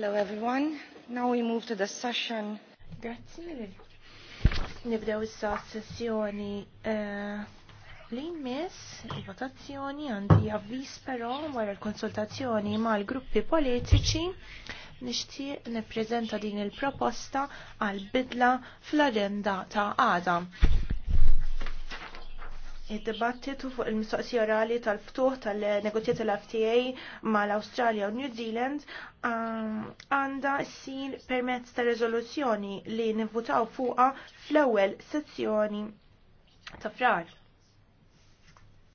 Hello everyone. Now we move to the session. Grazie. Nibdew issa sessjoni l eh, li miss il-votazzjoni għandi avvis però wara l-konsultazzjoni mal-gruppi politiċi nixtieq nippreżenta din il-proposta għal bidla fl agenda ta' għada. Id-dibattitu fuq il-mistoqsija orali tal-ftuħ tal-negozjati tal-FTA mal-Australia u New Zealand għanda um, s-sin permezz ta' rezoluzzjoni li nivvutaw fuqa fl-ewwel sezzjoni ta' frar.